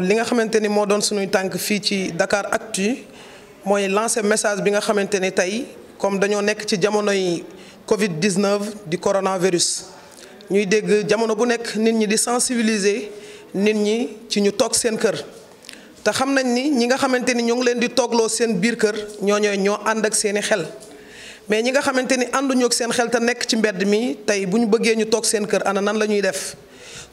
li nga xamante ni moo doon suñuy tànk fii ci Dakar Actu mooy lancer message bi nga xamante ni tey comme dañoo nekk ci jamono jamonoy Covid 19 di coronavirus ñuy dégg jamono bu nekk nit ñi di sensibiliser nit ñi ci ñu toog seen kër. te xam nañ ni ñi nga xamante ni ñoo ngi leen di toogloo seen biir kër ñoo ñooy ñoo ànd ak seeni xel mais ñi nga xamante ni ànduñook seen xel te nekk ci mbedd mi tey bu ñu bëggee ñu toog seen kër ana nan la ñuy def.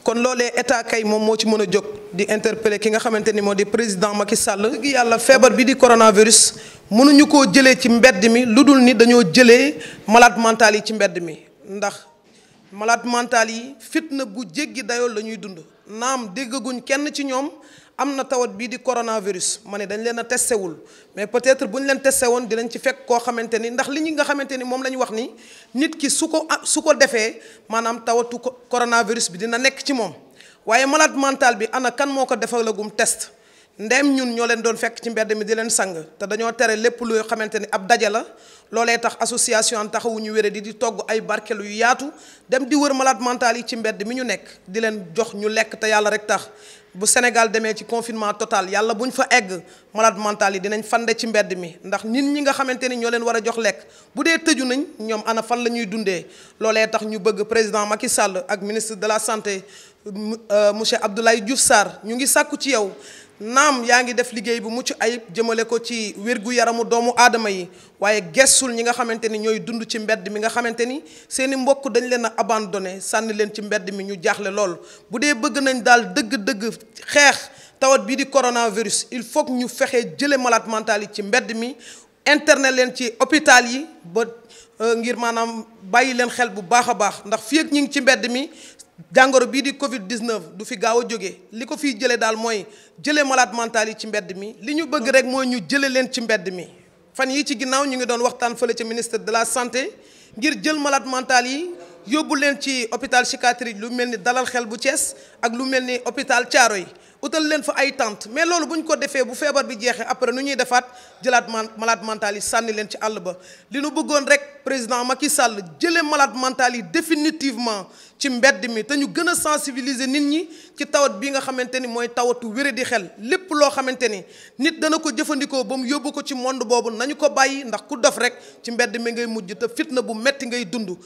kon loole état kay moom moo ci mën a jóg di interpeller ki nga xamante ni moo di président Macky Sall yàlla feebar bi di coronavirus mënuñu koo jëlee ci mbedd mi lu dul ni dañoo jëlee malade mental yi ci mbedd mi ndax. malade mental yi fitna bu jéggi dayoo la ñuy dund naam déggaguñ kenn ci ñoom am na tawat bii di coronavirus ma ne dañ leen a testé wul mais peut-être bu ñu leen testé woon dinañ ci fekk koo xamante ni ndax li ñu nga xamante ni moom la ñu wax ni nit ki su ko su ko defee maanaam tawatu coronavirus bi dina nekk ci moom waaye malade mental bi ana kan moo ko defalagum test. ndem ñun ñoo leen doon fekk ci mbedd mi di leen sang te dañoo tere lépp loo xamante ni ab daje la loolee tax association taxawu ñu wéré di di togg ay barkelu yu yaatu dem di wër malade mental yi ci mbedd mi ñu nekk di leen jox ñu te yàlla rek tax bu Sénégal demee ci confinement total yàlla bu ñu fa egg malade yi dinañ fande ci mbedd mi ndax nit ñi nga xamante ni ñoo leen war a jox lekk bu dee tëju nañ ñoom ana fan la ñuy dundee loolee tax ñu bëgg président Macky Sall ak ministre de la santé euh, monsieur Abdoulaye Diouf saar ñu ngi sàkku ci yow naam yaa ngi def liggéey bu mucc ayib jëmale ko ci wérgu yaramu doomu aadama yi waaye gessul ñi nga xamante ni ñooy dund ci mbedd mi nga xamante ni seeni mbokk dañ leen a abandonné sànni leen ci mbedd mi ñu jaaxle lool bu dee bëgg nañ daal dëgg-dëgg xeex tawat bii di coronavirus il faut ñu fexe jële malaat mental yi ci mbedd mi internet leen ci hôpital yi ba euh, ngir maanaam bàyyi leen xel bu baax a baax ndax fii ak ñu ngi ci mbedd mi jangoro bi di Covid 19 du fi gaaw joge liko fi jele dal moy jele malade mental yi ci mbedd mi liñu bëgg rek mooy ñu jele leen ci mbedd mi. fan yi ci ginnaaw ñu ngi doon waxtaan fële ci ministre de la santé ngir jël malade mental yi yobul leen ci hôpital psychiatrique lu melni dalal xel bu Thiès ak lu melni hôpital Thiaroye yi utal leen fa ay tante mais loolu buñ ko defee bu feebar bi jeexee après nu ñuy defaat jëlaat malade mental yi sànni leen ci àll ba li nu bëggoon rek président Macky Sall jëlee malade mental yi définitivement ci mbedd mi te ñu gën a sensibiliser nit ñi ci tawat bi nga xamante ni mooy tawatu wéré di xel lépp loo xamante ni nit dana ko jëfandikoo ba mu yóbbu ko ci monde boobu nañu ko bàyyi ndax ku dof rek ci mbedd mi ngay mujj te fitna bu metti ngay dund.